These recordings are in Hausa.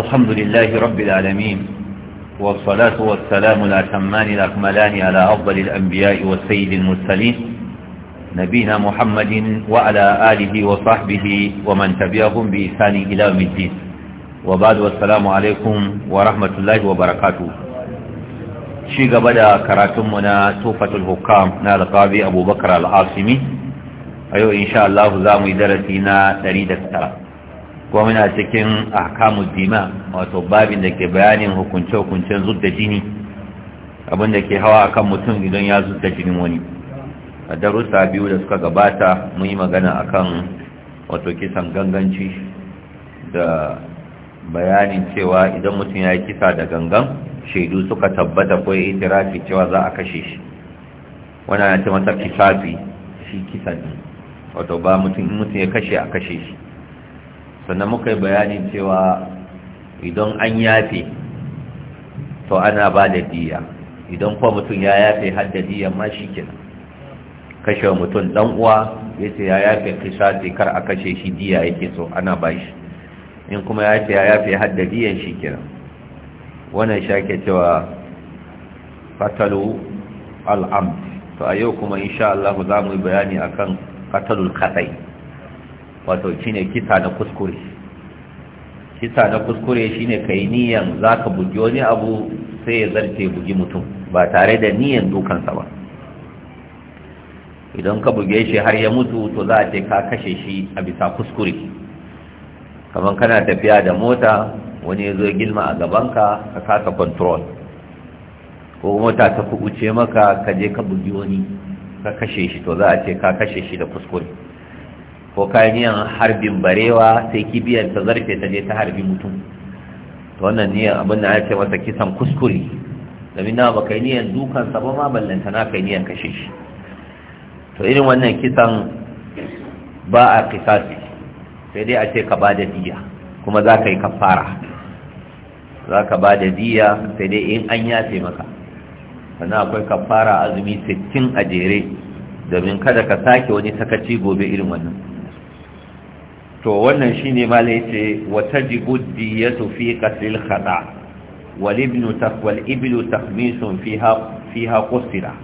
الحمد لله رب العالمين والصلاة والسلام الأتمان الأكملان على أفضل الأنبياء والسيد المرسلين نبينا محمد وعلى آله وصحبه ومن تبعهم بإحسان إلى يوم الدين وبعد والسلام عليكم ورحمة الله وبركاته شيخ بدأ كراتمنا توفة الحكام نال قاضي أبو بكر العاصمي أيوة إن شاء الله زامي درسنا دريد السلام ko muna cikin ahkamu dima wato babin da ke bayanin hukunce-hukuncen zub da jini abin da ke hawa akan mutum idan ya zub jinin wani a darussa biyu da suka gabata mun yi magana akan wato kisan ganganci da bayanin cewa idan mutum ya yi kisa da gangan shaidu suka tabbata ko ya itirafi cewa za a kashe shi wani ya ce mata kisafi shi kisan ne wato ba mutum ya kashe a kashe shi sannan muka yi bayani cewa idan an yafe to ana ba da diya idan kuwa mutum ya yafe hadda diya ma shi kenan kashe mutum dan uwa ya ce ya yafe kisati kar a kashe shi diya yake so ana ba shi in kuma ya ce ya yafe hadda diyan shi kenan wannan shake cewa fatalu al'amd to a yau kuma insha Allah za mu yi bayani akan katalul kadai wato shine kisa na kuskure kisa na kuskure shine kai niyan zaka bugi wani abu sai ya zarce bugi mutum ba tare da niyan dukansa ba idan ka buge shi har ya mutu to za a ce ka kashe shi a bisa kuskure kamar kana tafiya da mota wani ya zo gilma a gabanka ka kasa control ko mota ta kubuce maka ka je ka bugi wani ka kashe shi to za a ce ka kashe shi da kuskure ko kayan niyan harbin barewa sai kibiyar ta zarfe ta je ta harbi mutum to wannan niyan abin da ya masa kisan kuskure domin na baka niyan dukan sa ba ma ballanta na kai niyan kashe shi to irin wannan kisan ba a kisasi sai dai a ce ka bada diya kuma za ka yi kafara za ka bada diya sai dai in an yafe maka sannan akwai kafara azumi sittin a jere domin kada ka sake wani sakaci gobe irin wannan to wannan shine malai ce wa tajibu diyatu fi qatl khata wal ibnu taqwal iblu tahmisun fiha fiha qusira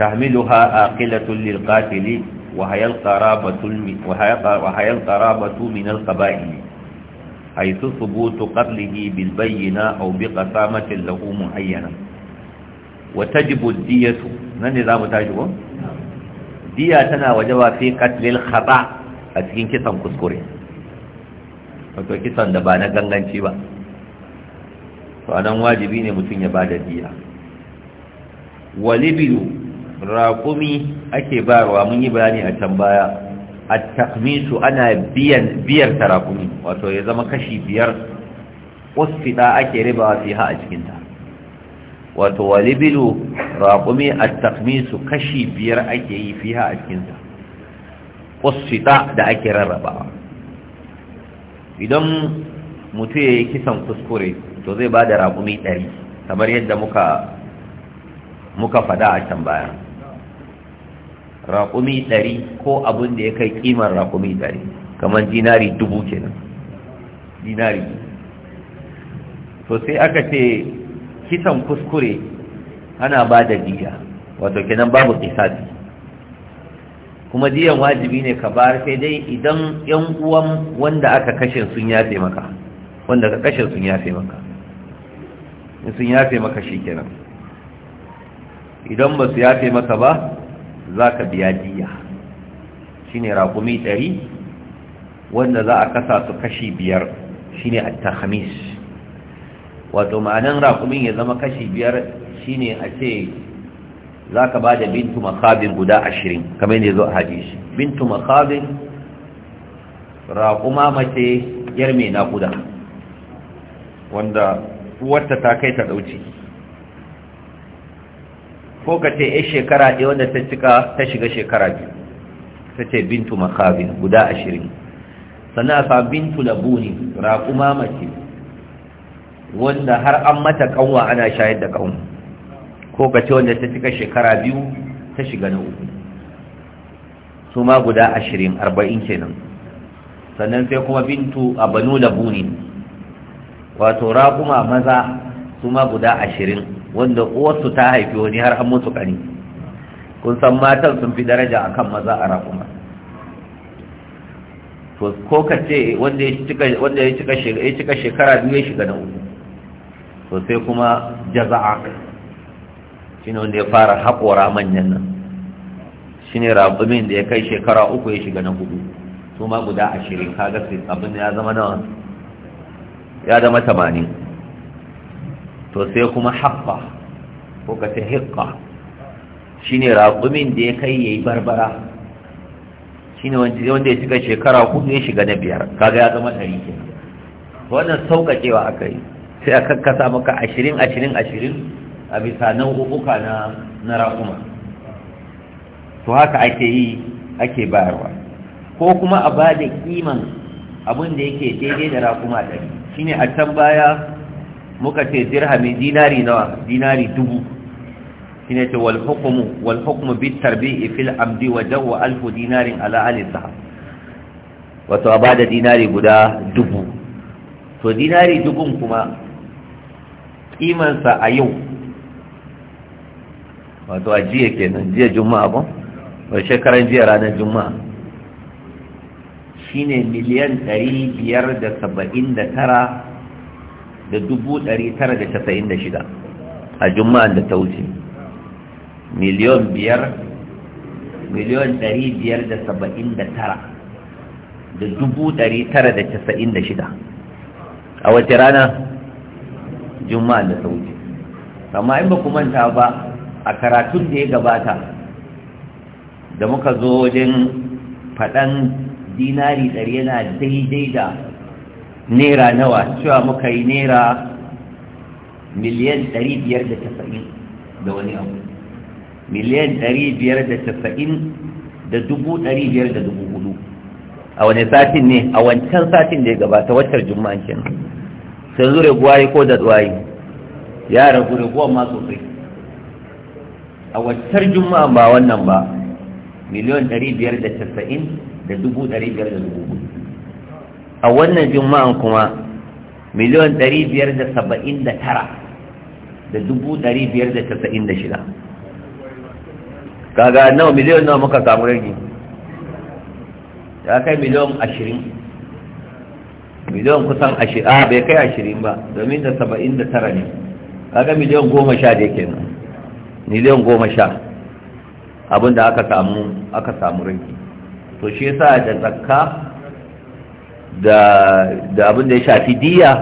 tahmiluha aqilatun lil qatili wa hiya al qarabatu wa hiya al qarabatu min al qabaili qatlihi bil bayyina qaba'il حيث ثبوت قتله بالبينة أو بقسامة له معينة وتجب الدية tashi ko diya tana wajaba fi qatl al khata' a cikin kisan kuskure wato kisan da ba na ganganci ba to anan wajibi ne mutum ya ba da diya walibiyu raƙumi ake bayarwa mun yi bayani a can baya a takminsu ana biyar ta raƙumi wato ya zama kashi biyar usfida ake riba wa ha a cikinta wato walibilu raƙumi a takminsu kashi biyar ake yi fiha a cikinta wasfita da ake rarrabawa idan mutum ya yi kisan kuskure to zai ba da raƙumi ɗari kamar yadda muka muka fada a can baya raƙumi ɗari ko abin da ya kai ƙimar raƙumi ɗari kamar dinari dubu kenan dinari to sai aka ce kisan kuskure ana ba da diya wato kenan babu kisati kuma diyan wajibi ne ka bar sai dai idan yan uwan wanda aka kashe sun yafe maka wanda ka kashe sun yafe maka in sun yafe maka shikenan idan ba su yafe maka ba za ka biya diya shi ne rakumi ɗari wanda za a kasa su kashi biyar shi ne Hamis, wato ma'anin rakumin ya zama kashi biyar shi ne a ce za ka ba da bintu makabin guda ashirin kamar yadda zo a hadisi bintu makabin raƙuma mace yar mai naƙuda wanda uwarta ta kai ta ɗauci ko ka ce ya shekara ɗaya wanda ta cika ta shiga shekara biyu ta ce bintu makabin guda ashirin sannan a sa bintu labuni raƙuma mace wanda har an mata ƙanwa ana shayar da ƙanwa ko ka ce wanda ta cika shekara biyu ta shiga na uku su ma guda ashirin arba'in kenan sannan sai kuma bintu a banu Bunin wato raguma maza su ma guda ashirin wanda uwarsu ta haifi wani har an mutu kani kun san matan sun fi daraja akan maza a raƙuma to ko ka ce wanda ya cika shekara biyu ya shiga na uku sosai kuma jaza'a shine wanda ya fara haƙora manyan nan Shi ne rabumin da ya kai shekara uku ya shiga na hudu su ma guda ashirin kaga su abin ya zama nawa ya zama tamanin to sai kuma haɓɓa ko ka ta Shi ne rabumin da ya kai ya yi barbara ne wanda ya shiga shekara hudu ya shiga na biyar kaga ya zama ɗari kenan wannan sauƙaƙewa aka yi sai a kakkasa maka ashirin ashirin ashirin a bisa nau'uka na na raƙuma to haka ake yi ake bayarwa ko kuma a ba da kiman abin da yake daidai da raƙuma ɗari shine a can baya muka ce dirhamin dinari nawa dinari dubu shine ce wal hukmu wal hukmu bit tarbi'i fil amdi wa jawa alf dinarin ala wato a wato abada dinari guda dubu to dinari dubun kuma kimansa a yau wato a jiya kenan jiya juma'a ba wai shekaran jiya ranar juma'a shine miliyan ɗari biyar da saba'in da tara da dubu ɗari tara da casa'in da shida a juma'a da ta wuce miliyan biyar miliyan ɗari biyar da saba'in da tara da dubu ɗari tara da casa'in da shida a wace rana juma'a da ta wuce amma in ba ku manta ba a karatun da ya gabata da muka zo wajen faɗan dinari ɗari yana daidai da naira nawa cewa muka yi naira miliyan ɗari biyar da casa'in da wani abu miliyan ɗari biyar da casa'in da dubu ɗari biyar da dubu hudu a wani satin ne a wancan satin da ya gabata waccar juma'an kenan sun zure guwaye ko da tsuwaye ya ragu raguwa ma sosai a waccar juma'a ba wannan ba miliyon ɗari biyar da casa'in da dubu ɗari biyar da dubu a wannan juma'an kuma miliyon ɗari biyar da saba'in da tara da dubu ɗari biyar da casa'in da shida kaga nawa miliyon nawa muka samu rage ya kai miliyon ashirin miliyon kusan ashirin a bai kai ashirin ba domin da saba'in da tara ne kaga miliyon goma sha da kenan miliyan goma sha abinda aka samu aka samu rinki to shi yasa da zakka da da abinda ya shafi diya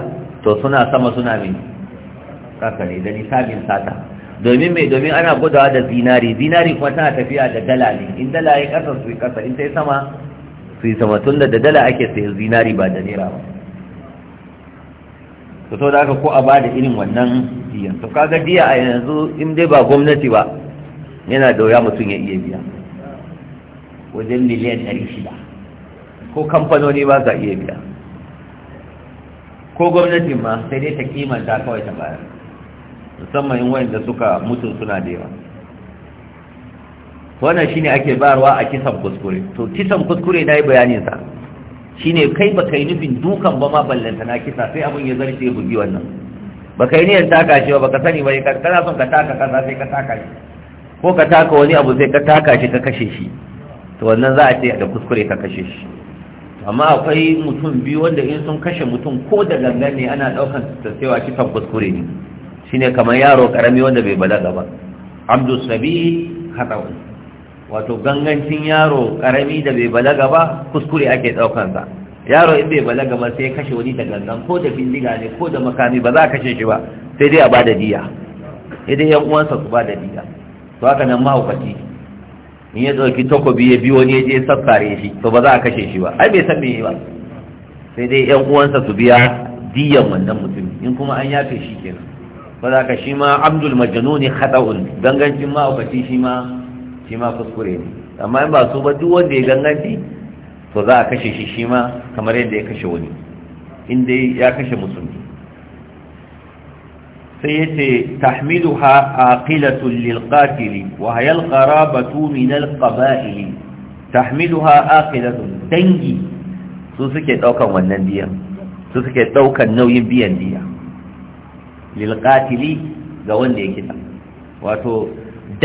to suna sama suna min kaka ne da nisabin sata domin mai domin ana gudawa da zinari zinari kuma tana tafiya da dala ne in dala ya kasa su kasa in ta yi sama su yi sama tun da dala ake sai zinari ba da nera ba to da aka ko a ba da irin wannan biyan to kaga diya a yanzu in dai ba gwamnati ba yana da wuya mutum ya iya biya wajen miliyan ɗari shida ko kamfanoni ba za iya biya ko gwamnatin ma sai dai ta kimanta kawai ta bayar musamman in wayanda suka mutu suna da yawa wannan shine ake bayarwa a kisan kuskure to kisan kuskure na yi bayanin shi shine kai ba kai nufin dukan ba ma ballanta na kisa sai abin ya zarce bugi wannan baka yi niyyar taka shi ba baka sani ba kana son ka taka kaza sai ka taka shi ko ka taka wani abu sai ka taka shi ka kashe shi to wannan za a ce da kuskure ka kashe shi amma akwai mutum biyu wanda in sun kashe mutum ko da gangan ne ana daukan ta cewa shi kan kuskure ne shine kamar yaro karami wanda bai balaga ba abdu sabi khataun wato gangancin yaro karami da bai balaga ba kuskure ake daukan sa yaro in bai balaga ba sai kashe wani da gangan ko da bindiga ne ko da makami ba za a kashe shi ba sai dai a ba da diya sai dai yan uwansa su ba da diya to haka nan mahaukaci in ya ɗauki takobi ya biyo wani ya je sassare shi to ba za a kashe shi ba ai bai san me ba sai dai yan uwansa su biya diyan wannan mutum in kuma an yafe shi kenan ba za ka shi ma abdul majnuni khata'un gangancin mahaukaci shi ma shi ma kuskure ne amma in ba su ba duk wanda ya ganganci to za a kashe shi shi ma kamar yadda ya kashe wani inda ya kashe musulmi sai ya ce tahmidu ha aqilatun lilqatili wa hayal qarabatu min alqaba'ili tahmidu ha aqilatun dangi su suke daukan wannan biyan su suke daukan nauyin biyan diya lilqatili ga wanda ya kisa wato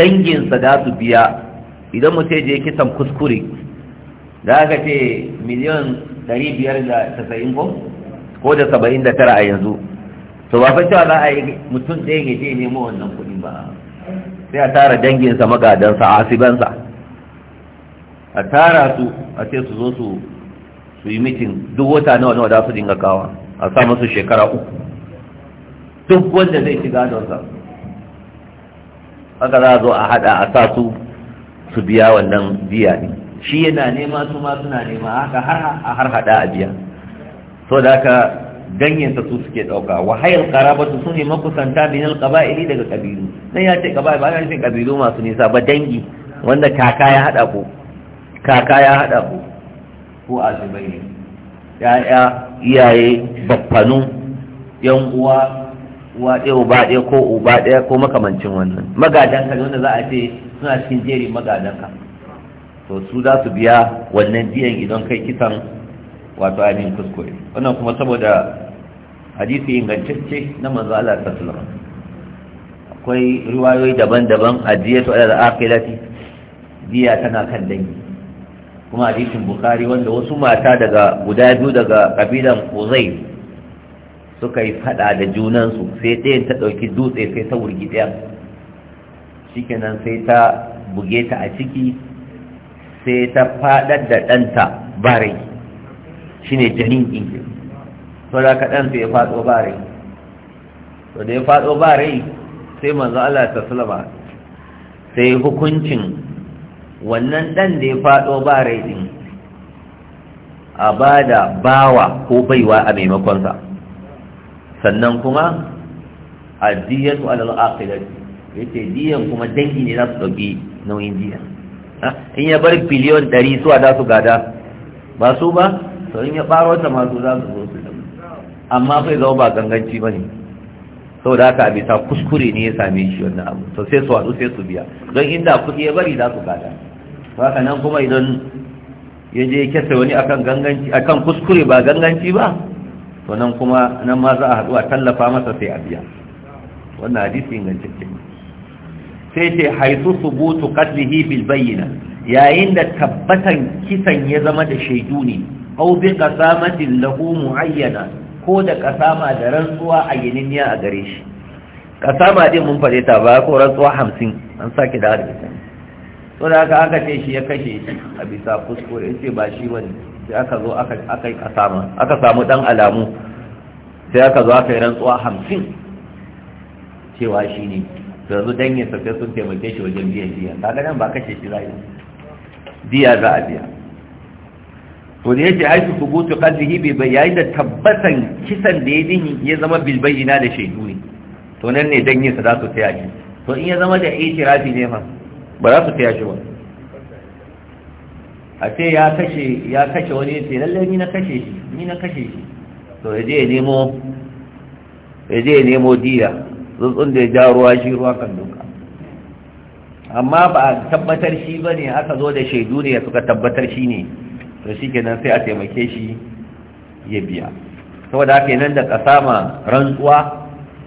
danginsa da su biya idan mutum ya je kisan kuskure da aka ce miliyan 590 ko ko da 79 a yanzu to ba fashewa cewa za a yi mutum ɗaya ya je nemo wannan kuɗin ba sai a tara danginsa magadansa a asibansa a tara su a ce su zo su su yi mitin duk wata nawa nawa za su dinga kawa a sa musu shekara uku duk wanda zai shiga donsa haka za a zo a haɗa a sa su su biya wannan biya ne shi yana nema su ma suna nema haka har a har hada a biya so da haka ganyensa su suke dauka wa hayal qarabatu sune makusanta min qaba'ili daga kabilu nan ya ce qaba'i ba ce kabilu masu nisa ba dangi wanda kaka ya hada ku kaka ya hada ku ko azubai ya iyaye baffanu yan uwa uwa ɗaya uba ɗaya ko uba ɗaya ko makamancin wannan magadanka ne wanda za a ce suna cikin jerin magadanka to su za su biya wannan diyan idan kai kisan wato ainihin kuskure wannan kuma saboda hadisi ingantacce na manzo Allah ta sallama akwai riwayoyi daban-daban a diyatu ala al-aqilati diya tana kan dangi kuma hadisin bukhari wanda wasu mata daga guda biyu daga kabilan uzay suka yi fada da junansu sai ɗayan ta ɗauki dutse sai ta wurgi ɗaya shikenan sai ta buge ta a ciki sai ta fadar da ɗanta bare shi ne janin ɗinke to da ka ɗansa ya faɗo bare to da ya faɗo bare sai manzo Allah ta sulama sai hukuncin wannan ɗan da ya faɗo bare ɗin a ba da bawa ko baiwa a maimakonsa sannan kuma a diyatu alal aqidati yace diyan kuma dangi ne za su dauki nauyin diyan in ya bar biliyon ɗari su a su gada ba su ba to in ya ɓaro ta masu za su zo su amma sai zama ba ganganci ba ne Sau da aka bisa kuskure ne ya same shi wannan abu to sai su haɗu sai su biya don inda kuɗi ya bari za su gada haka nan kuma idan ya je ya kesa wani akan ganganci akan kuskure ba ganganci ba to nan kuma nan ma za a haɗu a tallafa masa sai a biya wannan hadisi ingantacce ne sai ce haitu subutu qatlihi bil bayyina yayin da tabbatan kisan ya zama da shaidu ne aw bi qasamatin lahu muayyana ko da kasama da rantsuwa a ginin ya a gare shi kasama din mun fade ta ba ko rantsuwa 50 an saki da hadisi to da aka aka ce shi ya kashe shi a bisa kuskure sai ba shi bane sai aka zo aka aka kasama aka samu dan alamu sai aka zo aka yi rantsuwa 50 cewa shi ne yanzu dangin sa sun taimake shi wajen biyan diya kaga nan ba kashe shi zai diya za a biya to da aiki su gutu qadrihi bi bayyin da tabbatan kisan da yayi ya zama bil bayyina da shaidu ne to nan ne dangin sa za su taya shi to in ya zama da itirafi ne fa ba za su taya shi ba a ce ya kashe ya kashe wani ya ce lalle ni na kashe shi ni na kashe shi to ya je ya nemo ya je ya nemo diya tsuntsun da ya ja ruwa shi ruwa kan duka amma ba a tabbatar shi ba ne aka zo da shaidu ne suka tabbatar shi ne to shi kenan sai a taimake shi ya biya saboda haka yanar da ma rantsuwa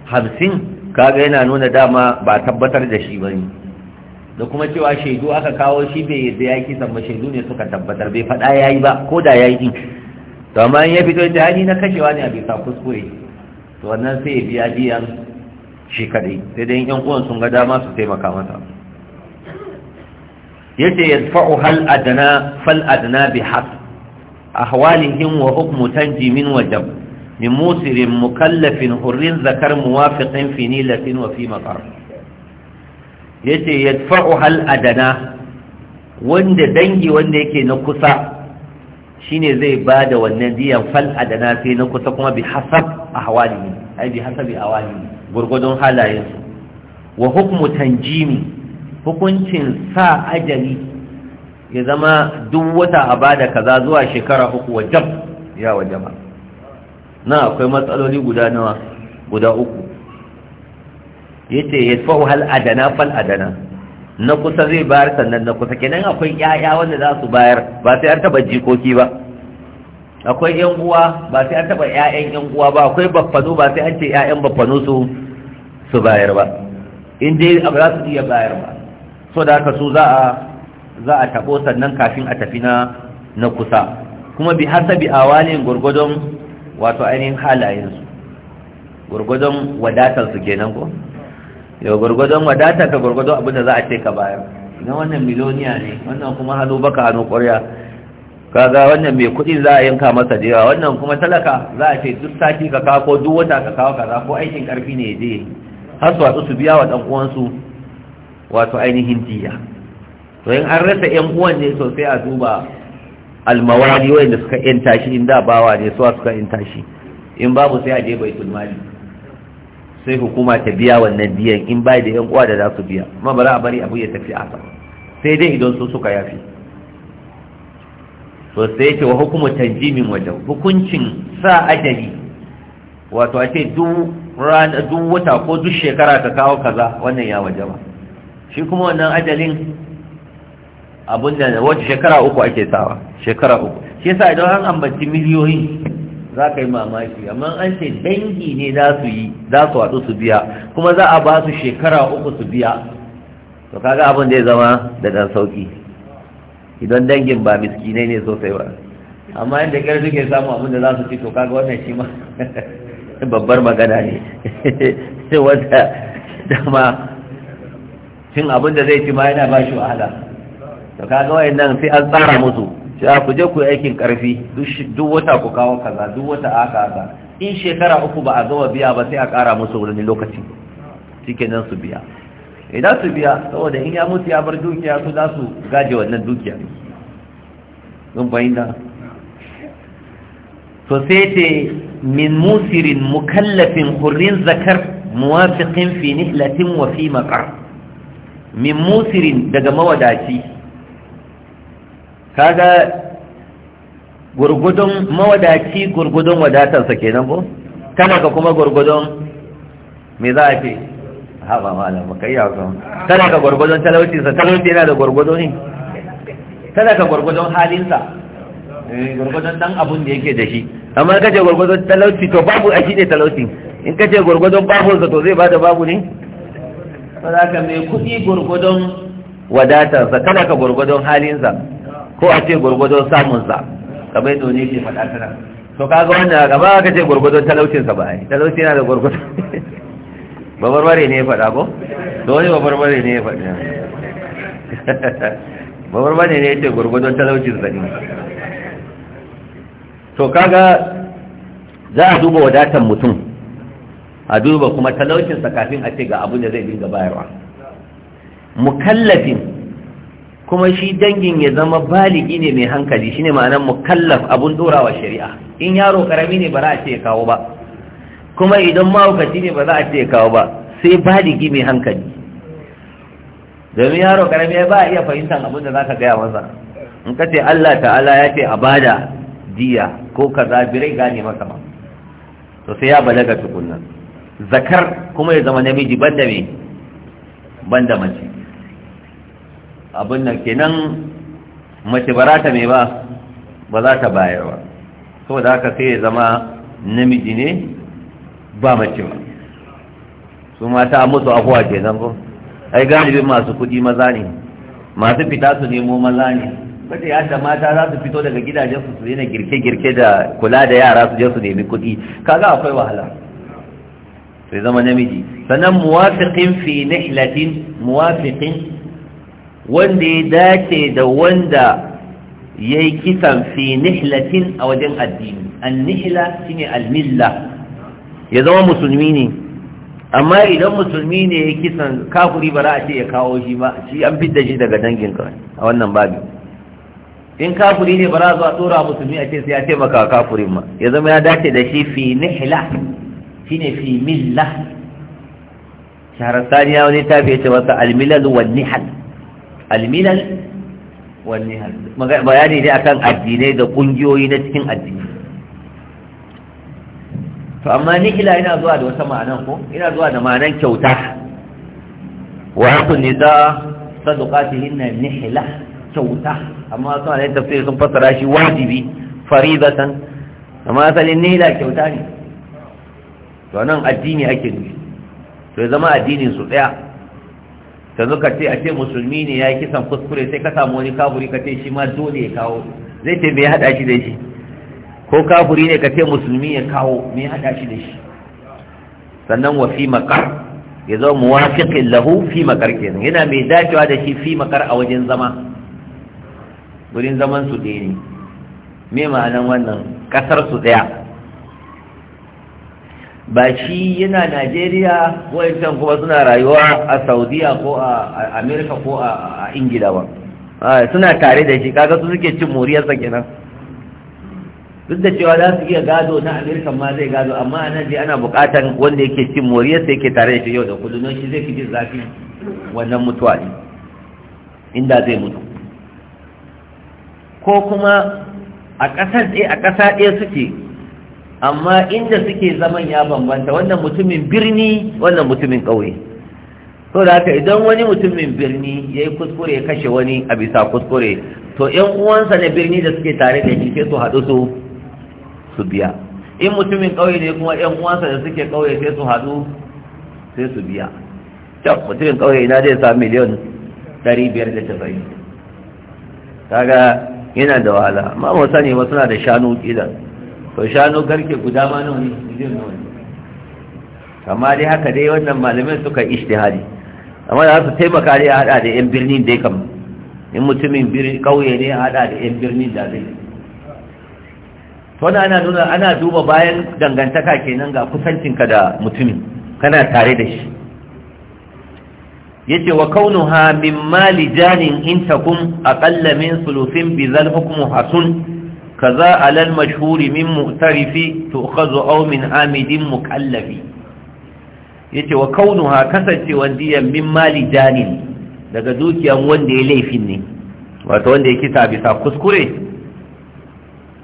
hamsin kaga yana nuna dama ba tabbatar da shi ba ne da kuma cewa shaidu aka kawo shi bai yadda ya kisan ba shaidu ne suka tabbatar bai faɗa ya yi ba ko da ya yi to amma in ya fito da hali na kashewa ne a bisa kuskure to wannan sai ya biya biyan shi kadai sai dai yan uwan sun ga dama su taimaka masa yace yadfa'u hal adna fal adna bi haq ahwalihim wa hukmu tanji min wajab min musirin mukallafin hurrin zakar muwafiqin fi nilatin wa fi maqar yace yadfa'u hal adna wanda dangi wanda yake na kusa shine zai bada wannan diyan fal adana sai na kusa kuma bi hasab ahwalihi ai bi hasabi ahwalihi gurgudun halayensu wa hukmu tanjimi hukuncin sa ajali ya zama duk wata a bada kaza zuwa shekara uku wajen? ya wa jama na akwai matsaloli guda nawa guda uku yace yadfa'u hal adana fal adana na kusa zai bayar sannan na kusa kenan akwai yaya wanda za su bayar ba sai an taba jikoki ba akwai yan uwa ba sai an taba ƴaƴan yan uwa ba akwai baffano ba sai an ce ƴaƴan baffano su su bayar ba in dai abu za su iya bayar ba so da haka su za a za a tabo sannan kafin a tafi na na kusa kuma bi hasabi awalin gurgudun wato ainihin su. gurgudun wadatar su kenan ko yau gurgudun wadatar ka gurgudun abin da za a ce ka bayar idan wannan miloniya ne wannan kuma hannu baka hannu ƙwarya kaga wannan mai kuɗi za a yanka masa da yawa wannan kuma talaka za a ce duk sati ka kawo ko duk wata ka kawo kaza ko aikin karfi ne je har su watsu su biya wa ɗan uwansu wato ainihin jiya to in an rasa ƴan uwan ne sosai a duba almawali wanda suka ƴan tashi in da bawa ne suwa suka ƴan tashi, in babu sai a je bai mali sai hukuma ta biya wannan biyan in bai da yan uwa da za su biya kuma ba za a bari abu ya tafi a sai dai idan su suka yafi to sai yake wa hukumu tanjimin wajen hukuncin sa ajali wato a ce duk wata ko duk shekara ka kawo kaza wannan ya waje ba shi kuma wannan ajalin abun da wata shekara uku ake tawa shekara uku shi yasa idan an ambaci miliyoyi za ka yi mamaki amma an ce dangi ne za su yi za su haɗu su biya kuma za a ba su shekara uku su biya to kaga abin da ya zama da ɗan sauƙi idan dangin ba miskinai ne sosai ba amma yadda ƙyar suke samu abin da za su ci to kaga wannan shi ma babbar magana ne wanda dama cin abin da zai ci ma yana ba shi wahala to kaga nan sai an tsara musu shi ku kuje ku aikin karfi duk wata ku kawo kaza duk wata aka aka in shekara uku ba a gama biya ba sai a ƙara musu wani lokaci cikin nan su biya idan eh, su biya saboda in ya mutu ya bar dukiya su za su gaje wannan dukiya don fahimta to sai ce min musirin mukallafin hurrin zakar muwafiqin fi nihlatin wa fi maqar min musirin daga mawadaci kaga gurgudun mawadaci gurgudun wadatarsa kenan ko kana ka kuma gurgudun me za a ce haba malam ba kai yawa tana ka gwargwadon talautinsa, talauci yana da gwargwado ne tana ka gwargwadon halinsa eh, gwargwadon dan abun da yake da shi amma ka ce gwargwadon talauci to babu a shi ne talauci in ka ce gwargwadon babunsa to zai bada babu ne ba ka mai kuɗi gwargwadon wadatarsa tana ka gwargwadon halinsa ko a ce gwargwadon samunsa kamar yadda ne ke faɗa tana to kaga wannan gaba ka ce gwargwadon talautinsa ba ai talauci yana da gwargwadon babarware ne ya faɗa ko To wani babarbare ne ya faɗa babarware ne ya ce gurgudun talaucin zaɗi to kaga za a duba wadatan mutum a duba kuma talaucinsa kafin a ce ga abin da zai dinga bayarwa mukallafin kuma shi dangin ya zama baligi ne mai hankali shine ma'anar mukallaf abun dorawa shari'a in yaro karami ne ba za a ce ya kawo ba kuma idan mahaukaci ne ba za a ce kawo ba sai ba da gini hankali domin yaro karami ba a iya fahimtar abin da za ka gaya masa in ka ce Allah ta'ala ya ce a bada diya ko kaza birai gane masa ba to sai ya balaga tukunna zakar kuma ya zama namiji banda me banda mace abin nan kenan mace ba ta me ba ba za ta bayarwa saboda haka sai ya zama namiji ne ba mace ba su mata a musu afuwa ke zango ai galibin masu kuɗi maza ne masu fita su nemo maza ne wata ya mata za su fito daga gidajen su su yana girke-girke da kula da yara su je su nemi kuɗi kaga akwai wahala sai zama namiji sannan muwafiqin fi nihlatin muwafiqin wanda ya dace da wanda yayi kisan fi nihlatin a wajen addini an shine al-milla ya zama musulmi ne amma idan musulmi ne ya kisan kafuri ba za a ce ya kawo shi ba shi an fidda shi daga dangin ka a wannan babi in kafuri ne ba za a zo a tsora musulmi a ce sai ya taimaka kafurin ma ya zama ya dace da shi fi nihila shi ne fi milla shahararrani ya wani ta ya ce masa almilal wa nihal almilal wa nihal bayani ne akan addinai da kungiyoyi na cikin addini to amma nihila ina zuwa da wata ma'anan ko Ina zuwa da ma'anan kyauta wa hakun nisa sadaqatihinna nihila kyauta amma sun alayhi tafsir sun fassara shi wajibi faridatan amma asalin nihla kyauta ne to nan addini ake nufi to zama addinin su daya ta zuka ce a ce musulmi ne ya yi kisan kuskure sai ka samu wani kaburi ka ce shi ma dole ya kawo zai ce bai hada shi da shi ko kafuri ne ka ce musulmi ya kawo me hada shi da shi sannan wa fi maqar ya zama muwafiqin lahu fi maqar kenan yana mai dacewa da shi fi maqar a wajen zama gurin zaman su ɗaya ne me ma'anan wannan kasar su ɗaya ba shi yana najeriya ko can kuma suna rayuwa a saudiya ko a amerika ko a ingila ba ah, suna tare da shi kaga su suke cin moriyarsa kenan duk da cewa za su iya gado na Amirkan ma zai gado amma a nan dai ana buƙatar wanda yake cin sai yake tare da shi yau da kudu don shi zai fi jin zafi wannan mutuwa ne inda zai mutu ko kuma a ƙasar ɗaya a ƙasa ɗaya suke amma inda suke zaman ya bambanta wannan mutumin birni wannan mutumin ƙauye to da haka idan wani mutumin birni ya yi kuskure ya kashe wani a bisa kuskure to 'yan uwansa na birni da suke tare da shi ke su haɗu su su biya in mutumin ƙauye ne kuma ƴan uwansa da suke ƙauye sai su haɗu sai su biya can mutumin ƙauye ina zai sa miliyan ɗari biyar da tafai kaga yana da wahala amma mu sani ba suna da shanu kila to shanu garke guda ma nawa ne miliyan nawa ne amma dai haka dai wannan malamai suka ishtihari amma da su taimaka dai a haɗa da 'yan birnin dai kam in mutumin ƙauye ne a haɗa da 'yan birnin da zai wannan ana nuna ana duba bayan dangantaka kenan ga kusancinka da mutumin kana tare da shi yace wa kaunuha min mali janin intakum aqalla min sulufin bi zal hukmu hasun kaza ala al mashhuri min mu'tarifi tu'khadhu aw min amidin mukallafi yace wa kaunuha kasancewan diyan min mali janin daga dukiyan wanda ya laifin ne wato wanda ya kisa bisa kuskure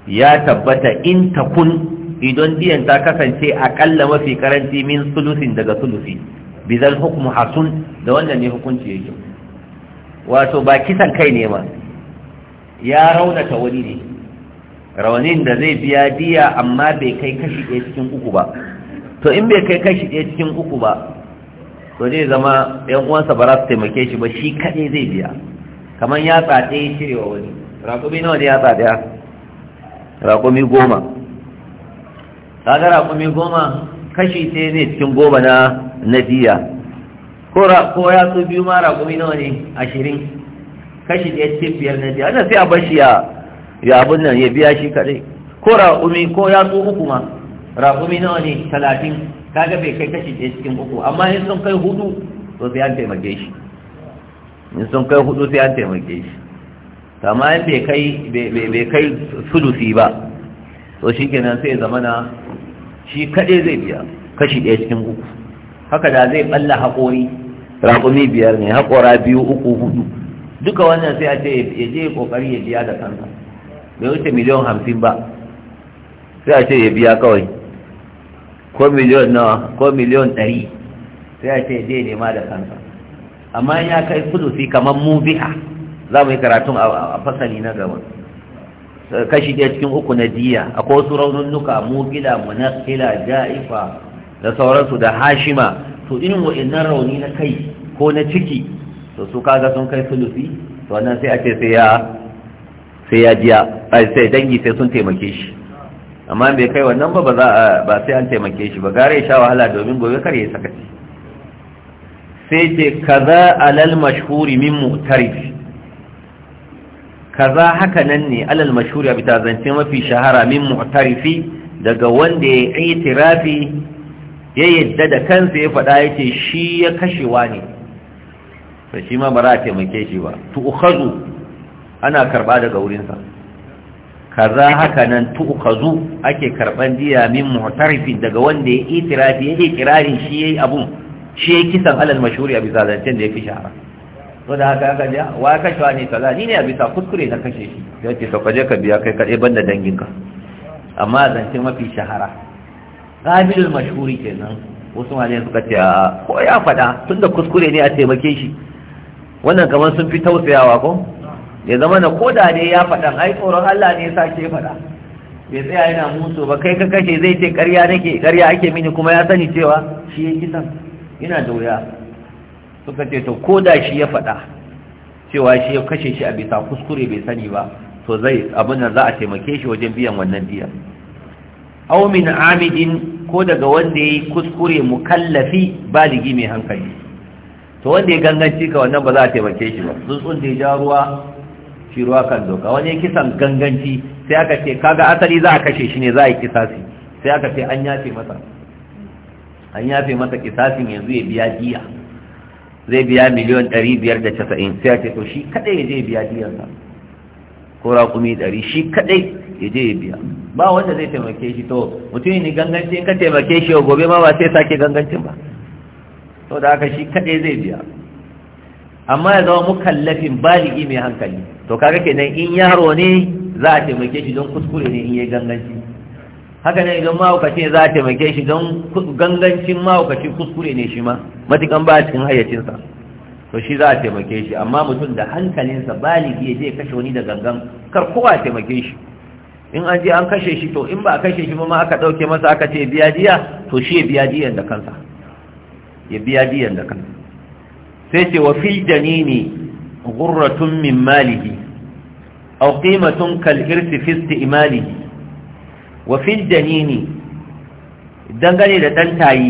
ya tabbata in takun idan diyan ta kasance akalla mafi karanci min sulusin daga sulusi bizar hukmu hasun da wannan ne hukunci yake wato ba kisan kai ne ma ya raunata wani ne raunin da zai biya diya amma bai kai kashi ɗaya cikin uku ba to in bai kai kashi ɗaya cikin uku ba to zai zama yan uwansa ba za su taimake shi ba shi kaɗai zai biya kamar ya tsaɗe ya wani raƙumi nawa ne ya tsaɗe raƙumi goma kaga raƙumi goma kashi ce ne cikin goma na nadiya ko ko ya su biyu ma raƙumi nawa ne ashirin kashi ɗaya cikin biyar na diya sai a bar shi ya abin nan ya biya shi kaɗai ko raƙumi ko ya su uku ma raƙumi nawa ne talatin kaga bai kai kashi ɗaya cikin uku amma in sun kai hudu to sai an taimake shi in sun kai hudu sai an taimake shi kama yin bai kai sulusi ba to shi kenan sai zamana shi kaɗe zai biya kashi ɗaya cikin uku haka da zai ɓalla haƙori raƙumi biyar ne haƙora biyu uku hudu duka wannan sai a ce ya je ƙoƙari ya biya da kansa bai wuce miliyan hamsin ba sai a ce ya biya kawai ko miliyon nawa ko miliyon ɗari sai a ce ya je nema da kansa amma ya kai sulusi kamar mu biya. za mu yi karatun a fasali na gaba kashi ɗaya cikin uku na diya akwai wasu mu mugila munakila ja'ifa da sauransu da hashima to irin wa'annan rauni na kai ko na ciki to su kaga sun kai sulufi to wannan sai a ce sai ya sai ya jiya sai dangi sai sun taimake shi amma bai kai wannan ba ba sai an taimake shi ba gare sha wahala domin gobe kar ya sakaci sai ce kaza alal mashhuri min mu'tarif kaza haka nan ne alal mashuri ya bi zance mafi shahara min mu'tarifi daga wanda ya yi itirafi ya yadda da kansa ya faɗa ce shi ya kashewa ne to shi ma ba za a taimake shi ba tu'khazu ana karba daga wurinsa kaza haka nan tu'khazu ake karban diya min mu'tarifi daga wanda ya yi itirafi ya kirarin shi yayi abun shi ya kisan alal mashuri bi zancen da ya fi shahara so haka aka biya wa ya kashewa ne kaza ni ne a bisa kuskure na kashe shi ya ce to je ka biya kai kaɗai banda danginka amma zance mafi shahara Mashuri ke kenan wasu malai suka ce a ko ya faɗa tunda kuskure ne a taimake shi wannan kamar sun fi tausayawa ko ya zama na koda ne ya faɗa ai tsoron Allah ne sa ke faɗa bai tsaya yana mutu ba kai ka kashe zai ce karya nake ƙarya ake mini kuma ya sani cewa shi ya kisan yana da wuya suka ce to ko da shi ya faɗa cewa shi ya kashe shi a bisa kuskure bai sani ba to zai abin da za a taimake shi wajen biyan wannan biyan aw amidin ko daga wanda yayi kuskure mukallafi baligi mai hankali to wanda ya ganganci ka wannan ba za a taimake shi ba tsuntsun da ya ja ruwa shi ruwa kan doka wani ya kisan ganganci sai aka ce kaga asali za a kashe shi ne za a yi kisasi sai aka ce an yafe masa an yafe masa kisasin yanzu ya biya jiya zai biya miliyon ɗari biyar da casa'in sai ya ce to shi kaɗai ya je biya diyarsa ko raƙumi ɗari shi kaɗai ya je ya biya ba wanda zai taimake shi to mutum ne ganganci in ka taimake shi gobe ma ba sai sake gangancin ba to da haka shi kaɗai zai biya amma ya zama mukallafin baligi mai hankali to kaga kenan in yaro ne za a taimake shi don kuskure ne in yi ganganci haka ne idan mahaukaci za a taimake shi don gangancin mahaukaci kuskure ne shi ma matukan ba cikin hayyacinsa to shi za a taimake shi amma mutum da hankalinsa baligi ya je kashe wani da gangan kar kowa taimake shi in an je an kashe shi to in ba a kashe shi ma aka ɗauke masa aka ce biya diya to shi ya biya diyan da kansa ya biya diyan da kansa sai ce wa fil janini gurratun min malihi aw qimatun kal irsi istimalihi wa fil janini dangane da dan tayi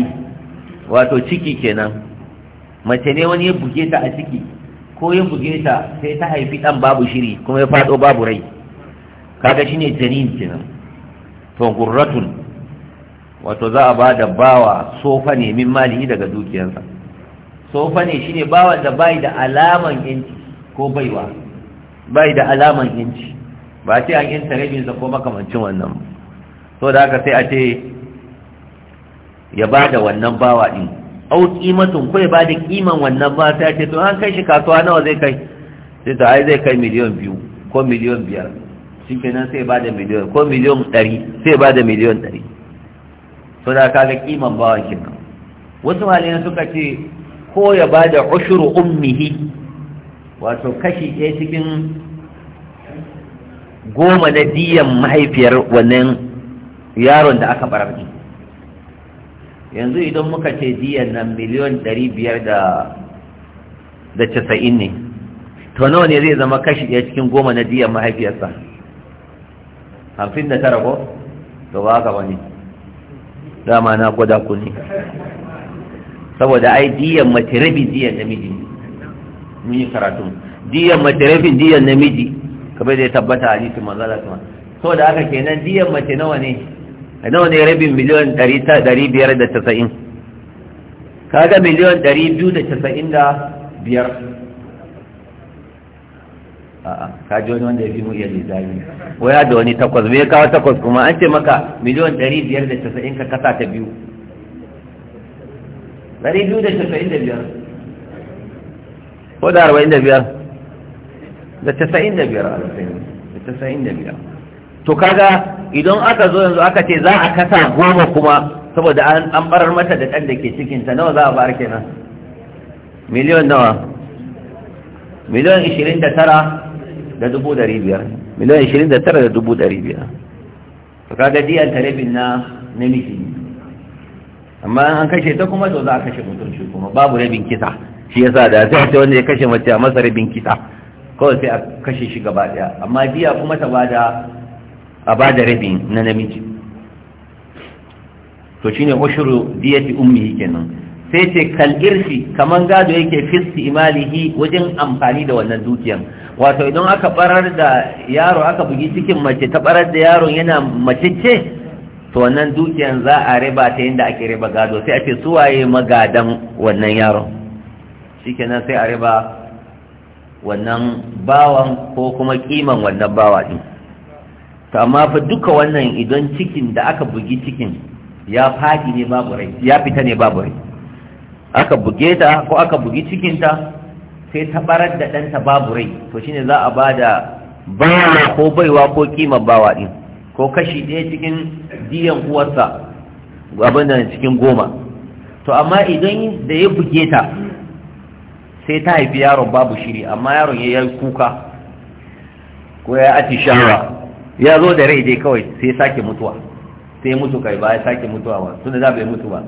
wato ciki kenan mace ne wani ya buge ta a ciki ko ya buge ta sai ta haifi dan babu shiri kuma ya fado babu rai kaga shine janin kenan to gurratun wato za a ba da bawa sofa ne min malihi daga dukiyarsa sofa ne shine bawa da bai da alaman yanci ko baiwa bai da alaman yanci ba sai an yanta rabinsa ko makamancin wannan ba so da haka sai a ce ya ba da wannan bawa ɗin au kimatun ko ya ba da kiman wannan ba sai a ce to an kai shi kasuwa nawa zai kai sai ta ai zai kai miliyan biyu ko miliyan biyar shi kenan sai ba da miliyan ko miliyan ɗari sai ba da miliyan ɗari so da ga kiman bawan kenan wasu halayen suka ce ko ya ba da ushuru ummihi wato kashi ɗaya cikin goma na diyan mahaifiyar wannan yaron da aka barar yanzu idan muka ce diyan nan miliyon dari biyar da casa'in ne to nawa ne zai zama kashi ɗaya cikin goma na diyan mahaifiyarsa hamsin da tara ko to ba ka wani dama na gwada ku ne saboda ai diyan mace rabi diyan namiji mun yi karatu diyan mace diyan namiji kamar da ya tabbata a nisan manzala saboda aka kenan diyan mace nawa ne a wani rabin miliyan ɗari biyar da tasa'in kaga miliyan ɗari biyu da tasa'in da biyar a'a ka ji wani wanda ya fi mu iya lissafi waya da wani takwas me kawo takwas kuma an ce maka miliyan ɗari biyar da tasa'in ka kasa ta biyu ɗari biyu da tasa'in da biyar ko da arba'in da biyar da tasa'in da biyar a da tasa'in da biyar to kaga idan aka zo yanzu aka ce za a kasa goma kuma saboda an barar mata da ɗan da ke cikinta nawa za a bar kenan miliyon nawa miliyon ishirin da tara da dubu ɗari biyar miliyon ishirin da tara da dubu ɗari biyar to kaga diyan tarabin na namiji amma an kashe ta kuma to za a kashe mutunci kuma babu rabin kisa shi yasa da sai ta wanda ya kashe mace a masa rabin kisa kawai sai a kashe shi gaba daya amma diya kuma ta bada a ba da rabi na namiji to shine ushuru diyati ummihi kenan sai ce kal irsi kaman gado yake fisti imalihi wajen amfani da wannan dukiyan wato idan aka barar da yaro aka bugi cikin mace ta barar da yaron yana mace ce to wannan dukiyan za a riba ta yadda ake riba gado sai a ce waye magadan wannan yaron shikenan sai a riba wannan bawan ko kuma kiman wannan bawa din to amma fa duka wannan idan cikin da aka bugi cikin ya fadi ne babu rai ya fita ne babu rai aka buge ta ko aka bugi cikinta sai ta barar da ɗanta babu rai to shine za a da bawa ko baiwa ko kimar bawa ɗin ko kashi ɗaya cikin diyan uwarsa abin da cikin goma to amma idan da ya buge ta sai ta haifi yaron babu shiri amma yaron ya yi kuka ko ya atishawa ya zo da rai dai kawai sai sake mutuwa sai mutu kai ba ya sake mutuwa ba tunda da bai mutu ba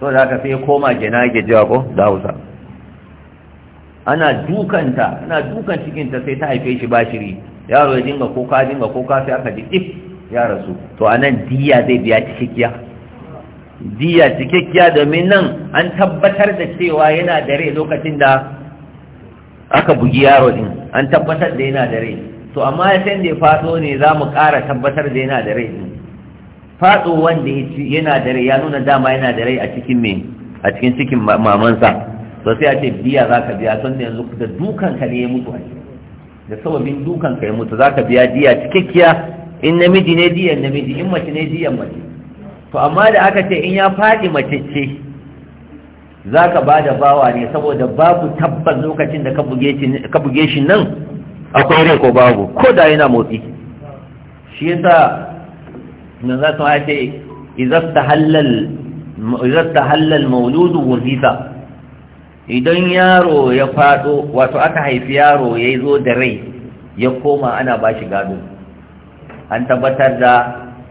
so da haka sai koma jenage jiwa ko da Hausa ana dukanta ana dukan cikinta sai ta haife shi bashiri yaro ya dinga ka dinga ka sai aka ji if eh, ya rasu to anan diya zai biya cikakkiya diya cikakkiya domin nan an tabbatar da cewa yana da rai lokacin da aka bugi yaro din an tabbatar da yana da rai to amma ya san da ya faɗo ne za mu ƙara tabbatar da yana da rai faɗo wanda yana da rai ya nuna dama yana da rai a cikin me a cikin cikin mamansa to sai a ce biya za ka biya tun da yanzu da dukan ka ne ya mutu a da sababin dukan ka ya mutu za ka biya diya cikakkiya in namiji ne diyan namiji in mace ne diyan mace to amma da aka ce in ya faɗi mace ce za ka ba da bawa ne saboda babu tabbas lokacin da ka buge shi nan akwai rai ko babu ko da yana motsi shi yasa nan za su haice izar ta hallal mauludu wurhita idan yaro ya fado wato aka haifi yaro ya zo da rai ya koma ana ba shi gado an tabbatar da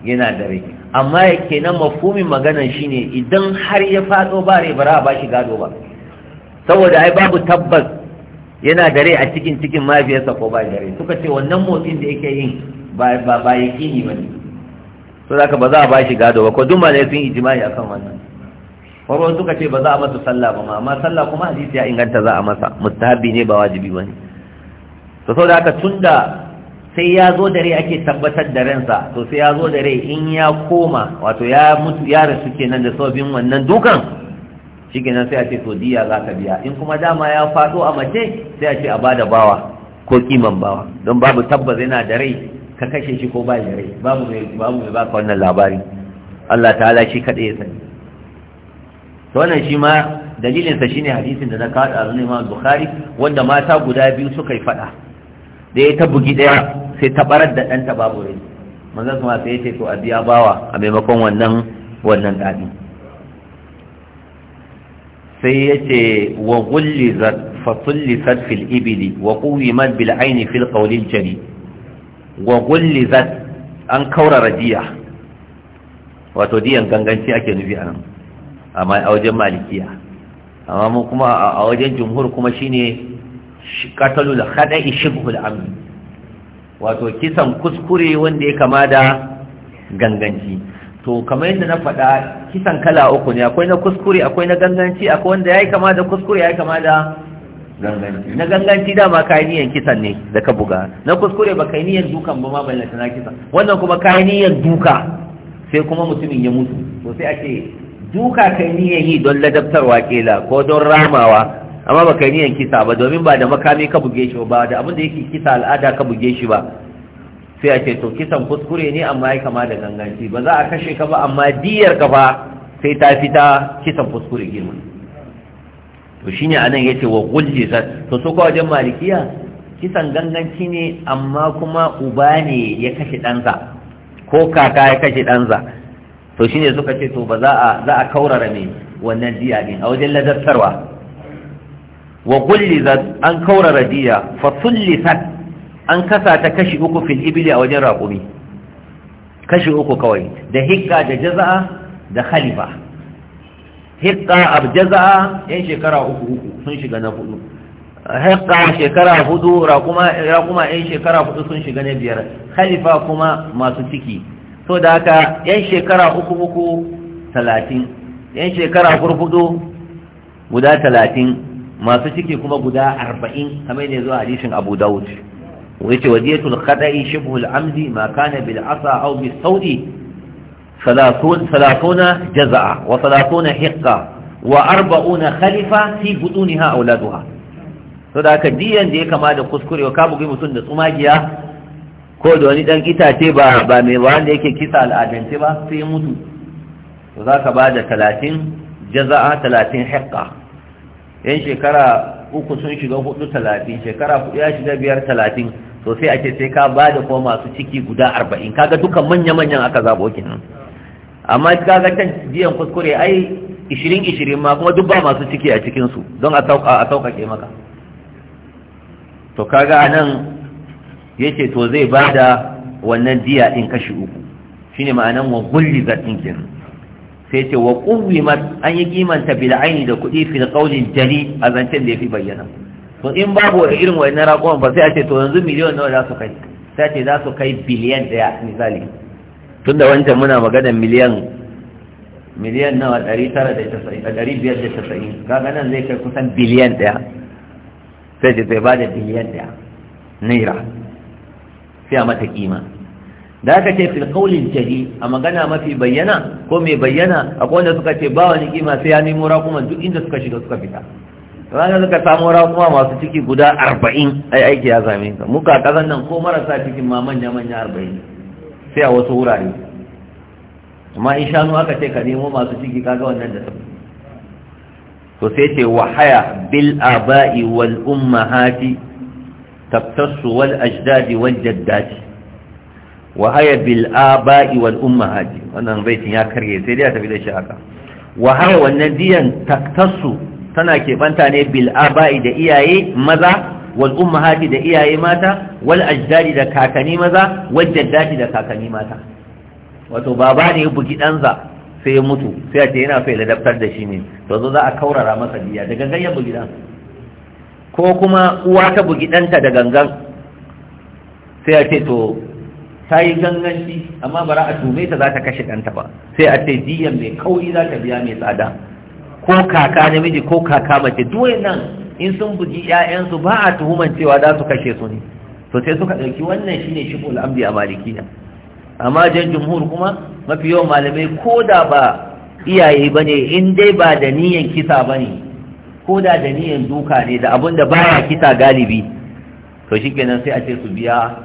yana da rai amma yake nan mafumin maganan shine idan har ya fado ba rai ba ba shi gado ba saboda ai babu tabbas yana da rai a cikin cikin mahaifiyarsa ko ba da rai suka ce wannan motsin da yake yin ba ba ba yaqini bane to zaka ba za a ba shi gado ba ko duk malai sun yi jima'i akan wannan farko suka ce ba za a masa sallah ba amma sallah kuma hadisi ya inganta za a masa mustahabi ne ba wajibi bane to saboda haka tunda sai ya zo dare ake tabbatar da ransa to sai ya zo dare in ya koma wato ya mutu ya rasu kenan da sabbin wannan dukan shikenan sai a ce to diya za ka biya in kuma dama ya faɗo a mace sai a ce a bada bawa ko kiman bawa don babu tabbas yana da rai ka kashe shi ko bai da rai babu mai babu mai baka wannan labari Allah ta'ala shi kaɗai ya sani to wannan shi ma dalilin sa shine hadisin da na kada zuwa Imam Bukhari wanda mata guda biyu suka yi fada da ya tabugi daya sai ta barar da ɗanta babu rai manzon kuma sai ya ce to a biya bawa a maimakon wannan wannan dadi sai yace wa ghullizat fa tullisat fil ibili wa quwimat bil aini fil qawli jari wa ghullizat an kaurara jiya wato diyan ganganci ake nufi anan amma a wajen malikiya amma mu kuma a wajen jumhur kuma shine Haɗa khada'i shibhul amn wato kisan kuskure wanda ya kama da ganganci to kamar yadda na faɗa kisan kala uku ne akwai na kuskure akwai na ganganci akwai wanda yayi kama da kuskure yayi kama da ganganci na ganganci dama kai niyan kisan ne da ka buga na kuskure ba kai niyan dukan ba ma balle na kisan wannan kuma kai niyan duka sai kuma mutumin ya mutu to sai a ce duka kai niyan yi don ladabtarwa kila ko don ramawa amma ba kai niyan kisa ba domin ba da makami ka buge shi ba da abin da yake kisa al'ada ka buge shi ba sai a ce to kisan kuskure ne amma ya kama da ganganci ba za a kashe ka ba amma diyar ka ba sai ta fita kisan kuskure girma to shine anan ce wa quljizat to so wajen malikiya kisan ganganci ne amma kuma uba ne ya kashe ɗansa ko kaka ya kashe ɗansa to shine suka ce to ba za a kaurara ne wannan diya ne a wajen ladartarwa wa quljizat an kaurara diya fa sullisat an kasa ta kashi uku fil ibili a wajen raƙumi kashi uku kawai da hikka da jaza'a da khalifa hikka ab jaza'a yan shekara uku uku sun shiga na hudu hikka shekara hudu raƙuma yan shekara hudu sun shiga na biyar khalifa kuma masu ciki so da haka yan shekara uku uku talatin yan shekara hurhudu guda talatin masu ciki kuma guda arba'in kamar ne zuwa hadisin abu dawud ويتي ودية الخطأ شبه العمد ما كان بالعصا أو بالصوت ثلاثون, ثلاثون جزعة وثلاثون حقة وأربعون خلفة في بطونها أولادها فذاك ديان دي كما دا قسكري وكابو بمتون دا سماجيا ko da wani dan itace ba ba mai wanda yake kisa al'adance ba sai mutu to za ka ba da talatin jaza'a talatin haƙa yan shekara uku sun shiga hudu talatin shekara hudu ya shiga biyar talatin to sai a sai ka ba da kuma masu ciki guda arba'in kaga dukan manya-manyan aka zaɓo kenan amma kaga can biyan kuskure ai ishirin ishirin ma kuma duk ba masu ciki a cikinsu don a sauƙaƙe maka to kaga a nan ya to zai ba da wannan diya ɗin kashi uku shine ma'anan wa gulli zartin kenan sai ce wa ƙuwi an yi kimanta bil'aini da kuɗi fil ƙaunin jari a zancen da ya fi bayyana to in babu irin wani raƙuman ba sai a ce to yanzu miliyon nawa za su kai sai ce za su kai biliyan ɗaya misali tunda wancan muna maganar miliyan miliyan nawa ɗari tara da casa'in a ɗari biyar da casa'in kaga nan zai kai kusan biliyan ɗaya sai ce zai ba da biliyan ɗaya naira sai a mata kima da aka ce fil qawlin jadi a magana mafi bayyana ko mai bayyana akwai wanda suka ce ba wani kima sai ya nemo rakuman duk inda suka shiga suka fita ranar suka samu ramuwa masu ciki guda arba'in ai aiki ya same ka muka kazan nan ko marasa cikin ma manya manya arba'in sai a wasu wurare amma in shanu aka ce ka nemo masu ciki kaga wannan da sabu to sai ce wahaya bil aba'i wal umma Hati, tabtassu wal ajdadi wal jaddati wa haya bil aba'i wal umma Hati. wannan baitin ya karye sai dai a tafi da shi haka wa haya wannan diyan taktassu tana kebanta ne bil aba'i da iyaye maza wal ummahati da iyaye mata wal ajdadi da kakanni maza wal jaddati da kakanni mata wato baba ne ya bugi danza sai ya mutu sai a ce yana fa'ila ya da shi ne to zo za a kaurara masa biya da gangan ya bugi dan? ko kuma uwa ta bugi ɗanta da gangan sai a ce to ta yi ganganci amma bara a tume ta za ta kashe ɗanta ba sai a ce diyan mai kauri za ta biya mai tsada ko kaka namiji ko kaka mace duwai nan in sun bugi 'ya'yansu ba a tuhuman cewa za su kashe su ne to sai suka ɗauki wannan shine shigo al'amdi a malikiya amma jan jumhur kuma mafi yawan malamai ko da ba iyaye ba ne in dai ba da niyan kisa ba ne ko da da niyan duka ne da abin da ya kisa galibi to shi kenan sai a ce su biya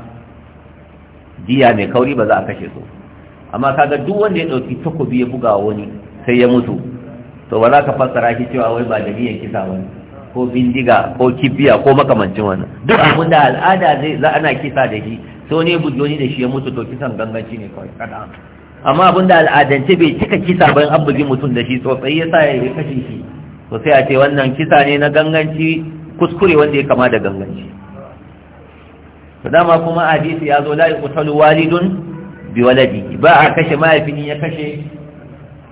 diya mai kauri ba za a kashe su amma kaga duk wanda ya ɗauki takobi ya buga wani sai ya mutu to ba za ka fassara shi cewa wai ba da niyan kisa wani ko bindiga ko kibiya ko makamancin wani. duk abin da al'ada zai za ana kisa da shi so ne bujoni da shi ya mutu to kisan ganganci ne kawai kada amma abin da al'adance bai cika kisa bayan an bugi mutum da shi tsotsai ya sa ya kashe shi to sai a ce wannan kisa ne na ganganci kuskure wanda ya kama da ganganci to dama kuma hadisi ya zo la yuqtalu walidun bi waladi ba a kashe mahaifin ya kashe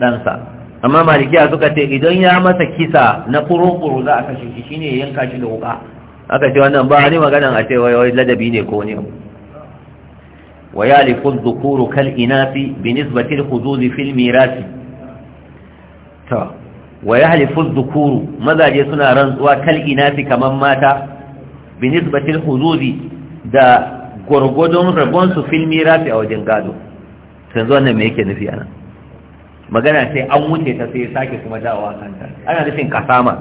dansa. amma malikiya suka ce idan ya masa kisa na kuro-kuro za a kashe shi shine yanka shi da wuka aka ce wannan ba ni magana a ce wai wai ladabi ne ko ne wa kun dhukuru kal inafi bi nisbati al fi al mirasi ta wa yahlifu dhukuru mazaje suna rantsuwa kal inafi kaman mata bi nisbati al khuduzi da gurgudun rabon su fil mirasi a wajen gado sanzo wannan me yake nufi anan magana sai an wuce ta sai sake kuma dawowa kanta ana nufin kasama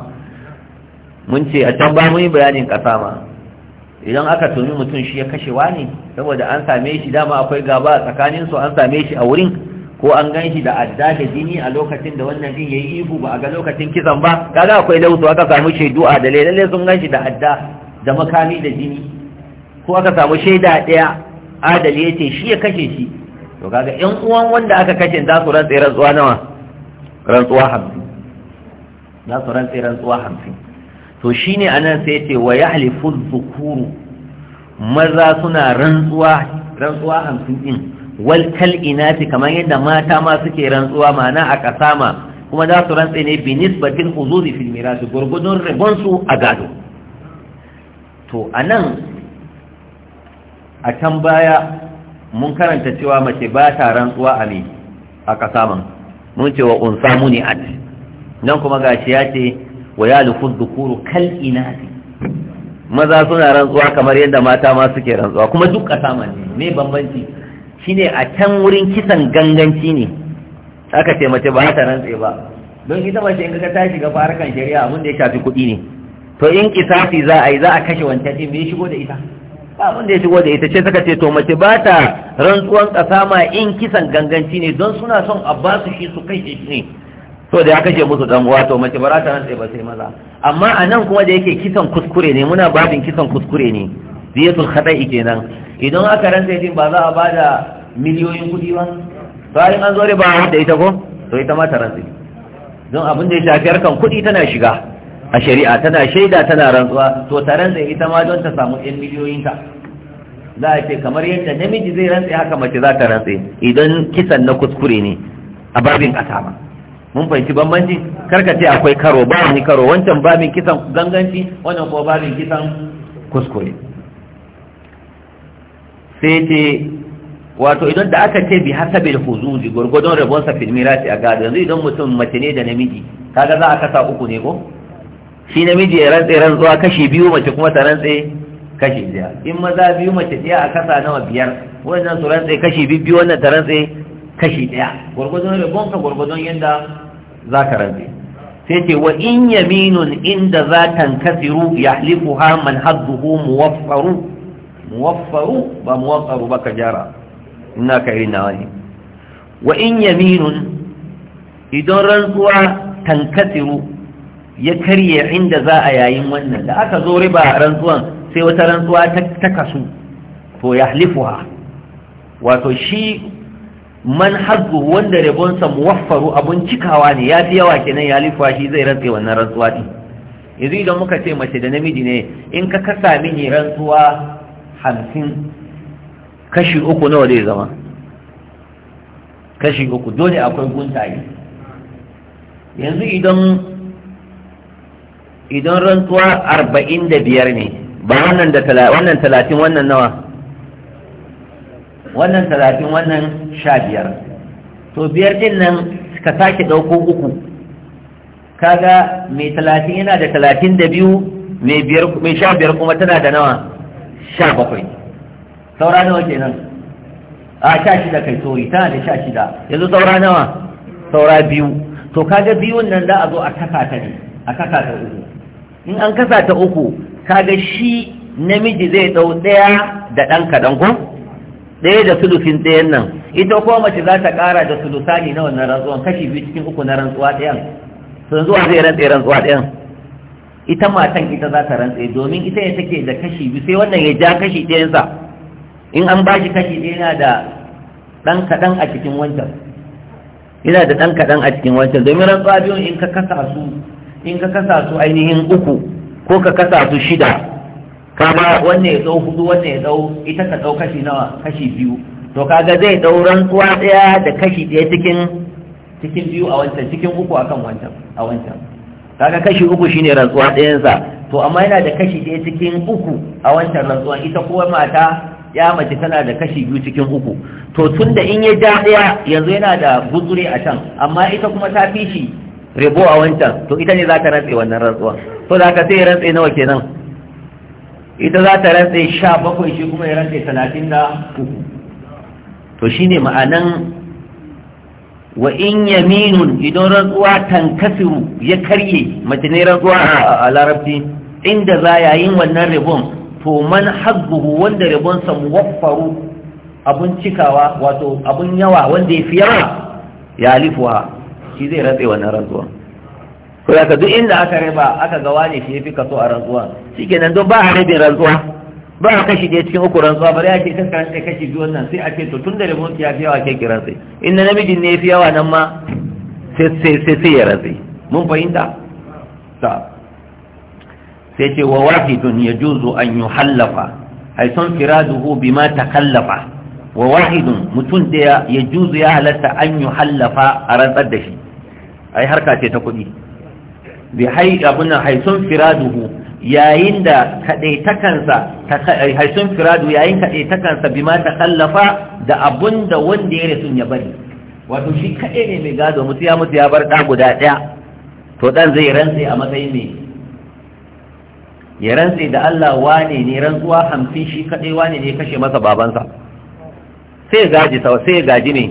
mun ce a can ba mun yi bayanin kasama idan aka tuni mutum shi ya kashewa ne saboda an same shi dama akwai gaba tsakanin su an same shi a wurin ko an gan shi da adda da jini a lokacin da wannan din yayi ihu ba a ga lokacin kisan ba kaga akwai lautu aka samu shaidu a da lalle sun gan shi da adda da makami da jini ko aka samu shaida daya adali yace shi ya kashe shi to kaga yan uwan wanda aka kashe za su rantse rantsuwa nawa rantsuwa hamsin za su rantse rantsuwa hamsin to shine anan sai ce wa yahlifu dhukuru maza suna rantsuwa rantsuwa hamsin din wal inati kamar yadda mata ma suke rantsuwa mana a kasama kuma za su rantse ne bi nisbatin huzuri fil mirasi gurgudun ribonsu a gado to anan a can baya mun karanta cewa mace ba ta rantsuwa a me a kasaman mun cewa unsa muni at nan kuma shi ya ce wa ya lufu dukuru kal inati maza suna rantsuwa kamar yadda mata ma suke rantsuwa kuma duk kasaman ne me bambanci shine a can wurin kisan ganganci ne aka ce mace ba ta rantse ba don ita mace in ka ta shiga farkan shari'a abin da ya shafi kuɗi ne to in kisasi za a yi za a kashe wancan din me shigo da ita abin da ya shigo da ita ce suka ce to mace ba ta rantsuwan ma in kisan ganganci ne don suna son a ba su shi su kai shi ne so da ya kashe musu dan uwa to mace ba za ta rantsa ba sai maza amma a nan kuma da yake kisan kuskure ne muna babin kisan kuskure ne ziyatul khata'i kenan idan aka rantsa din ba za a ba da miliyoyin kuɗi ba bayan an zo ba da ita ko to ita ma ta rantsa don abin da ya shafi harkan kuɗi tana shiga a shari'a tana shaida tana rantsuwa to ta rantsa ita ma don ta samu 'yan miliyoyinta za a ce kamar yadda namiji zai rantsa haka mace za ta rantsa idan kisan na kuskure ne a babin ƙasa ba mun fahimci bambanci karka ce akwai karo ba ni karo wancan babin kisan ganganci wannan kuma babin kisan kuskure sai ce wato idan da aka ce bi hasabil huzuzi gurgudun rabonsa fil mirasi a gado yanzu idan mutum mace ne da namiji kaga za a kasa uku ne ko shi namiji ya rantse rantsuwa kashi biyu mace kuma ta rantse kashi daya in maza biyu mace daya a kasa nawa biyar wannan su rantse kashi biyu wannan ta rantse kashi ɗaya. daya gwargwadon rabonka gwargwadon yadda za ka rantse sai ce wa in yaminun inda za halifu yahlifuha man hadduhu muwaffaru muwaffaru ba muwaffaru ba ka jara ina ka yi nawa ne wa in yaminun idan rantsuwa tankasiru ya karye inda za a yayin wannan da aka zo riba rantsuwan sai wata rantsuwa ta kasu to ya halifuwa wato shi man hazu wanda rabonsa muwaffaru abun cikawa ne ya fi yawa kenan ya halifuwa shi zai rantse wannan rantsuwa ɗin yanzu idan muka ce mace da namiji ne in ka kasa mini rantsuwa hamsin kashi uku nawa zai zama kashi uku dole akwai guntaye yanzu idan idan rantsuwa arba'in da biyar ne ba wannan da wannan talatin wannan nawa wannan talatin wannan sha biyar to biyar din nan ka sake ɗauko uku kaga mai talatin yana da talatin da biyu mai sha biyar kuma tana da nawa sha bakwai saura nawa ke nan? a sha shida kai sori tana da sha shida yanzu saura nawa saura biyu to kaga biyun nan za a zo a kasa ta ne a kasa ta uku in an kasa ta uku kaga shi namiji zai ɗau ɗaya da ɗan kaɗan ko ɗaya da sulusin ɗayan nan ita ko mace za ta ƙara da sulusani na wannan rantsuwan kashi biyu cikin uku na rantsuwa ɗayan sun zuwa zai rantse rantsuwa ɗayan ita matan ita za ta rantse domin ita ya take da kashi biyu sai wannan ya ja kashi ɗayansa in an ba shi kashi dayan yana da ɗan kaɗan a cikin wancan yana da ɗan kaɗan a cikin wancan domin rantsuwa biyun in ka kasa su in ka kasa su ainihin uku ko ka kasa su shida ka wannan ya dau hudu wannan ya dau ita ka dau kashi nawa kashi biyu to kaga zai dau rantsuwa daya da kashi daya cikin cikin biyu a wancan cikin uku akan wancan a wancan kaga kashi uku shine rantsuwa ɗayansa to amma yana da kashi ɗaya cikin uku a wancan rantsuwa ita kuma mata ya mace tana da kashi biyu cikin uku to tun da in ya ja daya yanzu yana da gutsure a can amma ita kuma ta fi shi rabo a wancan to ita ne za ta rantse wannan rantsuwa to da ka sai rantse nawa kenan ita za ta rantse sha bakwai shi kuma ya rantse talatin da uku to shi ne ma'anan wa in yaminun idan rantsuwa tankasiru ya karye mace ne rantsuwa a larabci inda za yayin wannan ribon, to man hazzuhu wanda rabonsa muwaffaru abun cikawa wato abun yawa wanda ya fi yawa ya alifuwa shi zai rantse wannan rantsuwa ko ya duk inda aka riba aka ga wani shi yafi kaso a rantsuwa shikenan don ba a rabin rantsuwa ba a kashi ɗaya cikin uku rantsuwa bari ake ce kan karanta kashi biyu wannan sai a ce to tun da rabon ya fi yawa ke kiran sai in na namijin ne ya fi yawa nan ma sai sai ya rantsi. mun fahimta ta sai ce wa wahidun ya juzu an yi hallafa ai son firaduhu bima takallafa wa wahidun mutum ɗaya ya juzu ya halatta an yi hallafa a rantsar da shi ai harka ce ta kuɗi bi hai abun haisun firaduhu yayin da kadaitakansa haisun firadu yayin kadaitakansa bi ma ta kallafa da abun da wanda ya rasu ya bari wato shi kaɗai ne mai gado mutu ya mutu ya bar ɗa guda ɗaya to ɗan zai rantse a matsayin ne? ya rantse da Allah wane ne rantsuwa hamsin shi kaɗai wane ne kashe masa babansa sai gaji sai gaji ne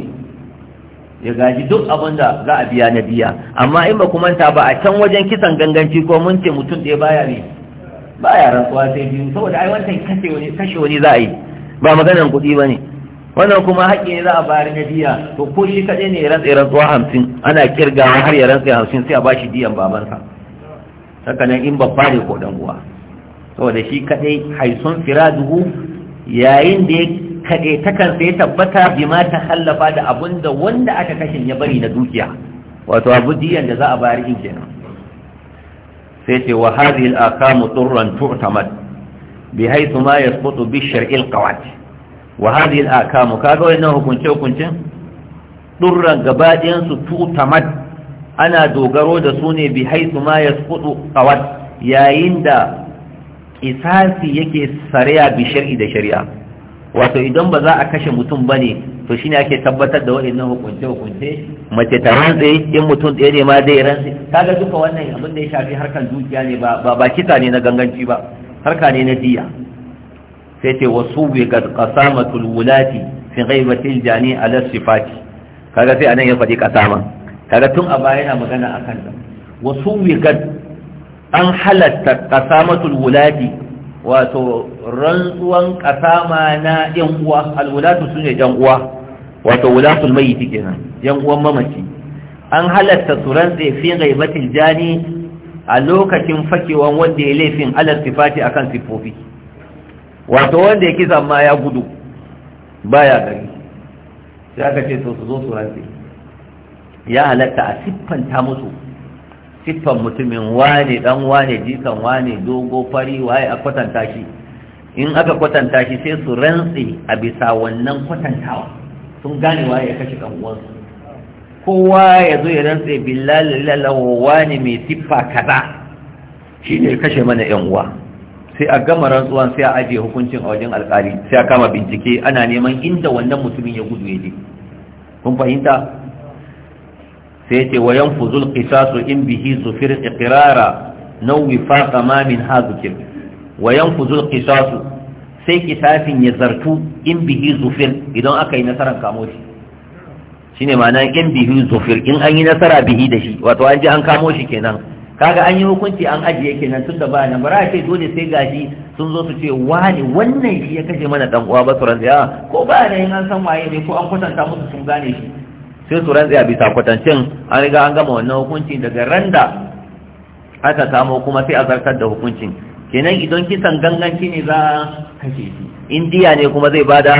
ya gaji duk abin da za a biya na biya amma in ba ku manta ba a can wajen kisan ganganci ko mun ce mutum ɗaya baya ne Ba ya rantsuwa sai biyu saboda ai wancan kashe wani kashe wani za a yi ba maganar kuɗi ba ne wannan kuma haƙƙi ne za a bayar na biya. to ko shi kaɗai ne ya rantsa rantsuwa hamsin ana kirga har ya rantsa hamsin sai a ba shi diyan babansa sakanan in babba ne ko ɗan uwa saboda shi kaɗai haisun firaduhu yayin da ya kaɗe takan sai tabbata bi ma ta hallafa da abun da wanda aka kashin ya bari na dukiya wato abu diyan da za a bayar in kenan sai ce wa hadhihi al-aqamu turran tu'tamad bi haythu ma yasqutu bi shar'i al-qawat wa hadhihi al-aqamu kaga wannan hukunce hukuncin turran gabaɗayan su tu'tamad ana dogaro da su ne bi haythu ma yasqutu qawat yayin da isasi yake sariya bi shar'i da shari'a wato idan ba za a kashe mutum ba ne to shine ake tabbatar da wa'annan hukunce-hukunce mace ta rantse in mutum ɗaya ne ma zai rantse kaga duka wannan abin da ya shafi harkar dukiya ne ba ba kisa ne na ganganci ba harka ne na diya sai ce wasu bi ga qasamatul wulati fi ghaibatil jani ala sifati kaga sai anan ya faɗi qasama kaga tun a baya yana magana akan ta wasu bi ga an halatta qasamatul wulati wato rantsuwan kasama na yan uwa alwulatu su ne yan uwa wato wulatul mayyiti kenan yan uwan mamaci an halatta su rantse fi ghaibatil jani a lokacin fakewan wanda ya laifin alal sifati akan sifofi wato wanda ya kisa ma ya gudu baya gari sai aka ce to su zo su rantse ya halatta a siffanta musu siffan mutumin wane dan wane jikan wane dogo fari waye a kwatanta shi in aka kwatanta shi sai su rantse a bisa wannan kwatantawa sun gane waye ya kashe kan uwansu kowa ya zo ya rantse billahi lalahu wane mai siffa kaza shi ne kashe mana yan uwa sai a gama rantsuwan sai a ajiye hukuncin a wajen alkali sai a kama bincike ana neman inda wannan mutumin ya gudu ya je kun fahimta sai ce wa yanfuzul kisasu, in bihi zufir iqrara naw wifaqa ma min hadhikir wa yanfuzul kisasu, sai kisafin ya zartu in bihi zufir idan aka yi nasaran kamo shi Shi ne ma'ana in bihi zufir in an yi nasara bihi da shi wato an ji an kamo shi kenan kaga an yi hukunci an ajiye kenan tun da ba nan bara ce dole sai gashi sun zo su ce wani wannan shi ya kashe mana dan uwa ba su rantsiya ko ba yin an san waye ne ko an kwatanta musu sun gane shi sai su rantse a bisa kwatancin an riga an gama wannan hukunci daga randa aka samu kuma sai a zartar da hukuncin kenan idan kisan ganganci ne za a kashe shi in diya ne kuma zai bada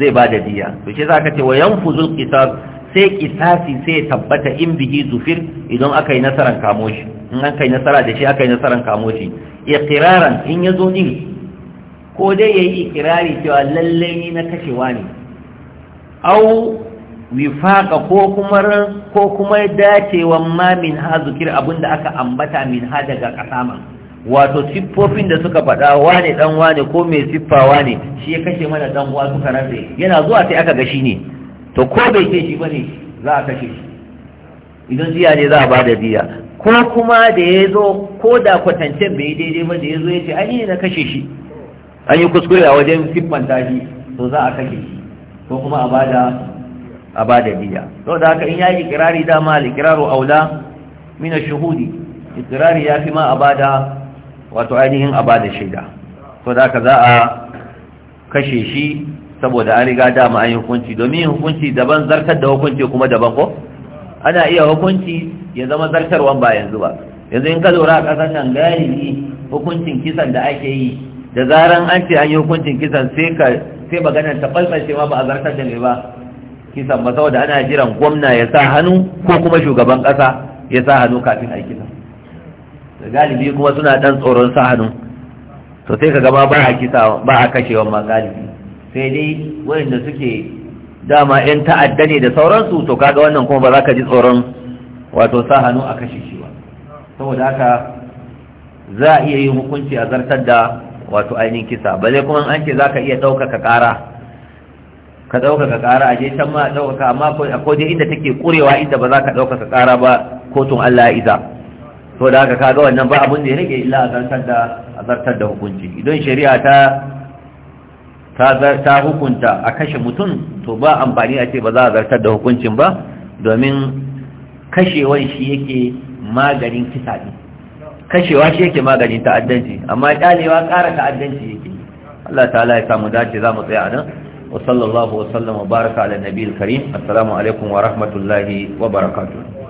zai bada diya to shi za ka ce wa yanfuzul kisa sai kisasi sai tabbata in bihi zufir idan aka yi nasarar kamo shi in an kai nasara da shi aka yi nasarar kamo shi iqraran in ya zo din ko dai yayi ikirari cewa lalle ni na kashewa ne au wifaqa ko kuma ko kuma dacewan ma min ha zikir abinda aka ambata min ha daga kasaman wato siffofin da suka faɗa wane dan wane ko mai siffa wane shi ya kashe mana dan uwa suka rantsa yana zuwa sai aka ga shi ne to ko bai ce shi bane za a kashe shi idan jiya ne za a bada diya ko kuma da ya zo ko da kwatancen bai daidai ba da ya zo ya ce an yi na kashe shi an yi kuskure a wajen siffanta shi to za a kashe shi ko kuma a bada a ba da diya da haka in yayi ikrari dama al aula min ash-shuhudi ikrari fi ma a bada wato ainihin a bada shaida da haka za a kashe shi saboda an riga dama an yi hukunci domin hukunci daban zartar da hukunci kuma daban ko ana iya hukunci ya zama zartarwa ba yanzu ba yanzu in ka lura a ƙasar nan galibi hukuncin kisan da ake yi da zaran an ce an yi hukuncin kisan sai ka sai maganar ta falfalce ma ba a zartar da mai ba kisan ba saboda ana jiran gwamna ya sa hannu ko kuma shugaban kasa ya sa hannu kafin a yi kisan galibi kuma suna ɗan tsoron sa hannu to sai ka gama ba a kisa ba a kashewa ma galibi sai dai wayanda suke dama yan ta'adda ne da sauransu to kaga wannan kuma ba za ka ji tsoron wato sa hannu a kashe shi ba saboda haka za a iya yin hukunci a zartar da wato ainihin kisa ba zai kuma an ce za ka iya ɗaukaka ƙara ka ɗaukaka ƙara a can ma a ɗaukaka amma ko dai inda take kurewa inda ba za ka ɗaukaka ƙara ba kotun Allah ya iza to da haka kaga wannan ba abin da ya rage illa a zartar da hukunci idan shari'a ta ta hukunta a kashe mutum to ba amfani a ce ba za a zartar da hukuncin ba domin kashewan shi yake maganin kisa ne kashewa shi yake maganin ta'addanci amma ƙyalewa ƙara ta'addanci yake Allah ta'ala ya samu dace za mu tsaya a nan wa sallallahu wa sallama baraka ala nabiyil karim assalamu alaikum wa rahmatullahi wa barakatuh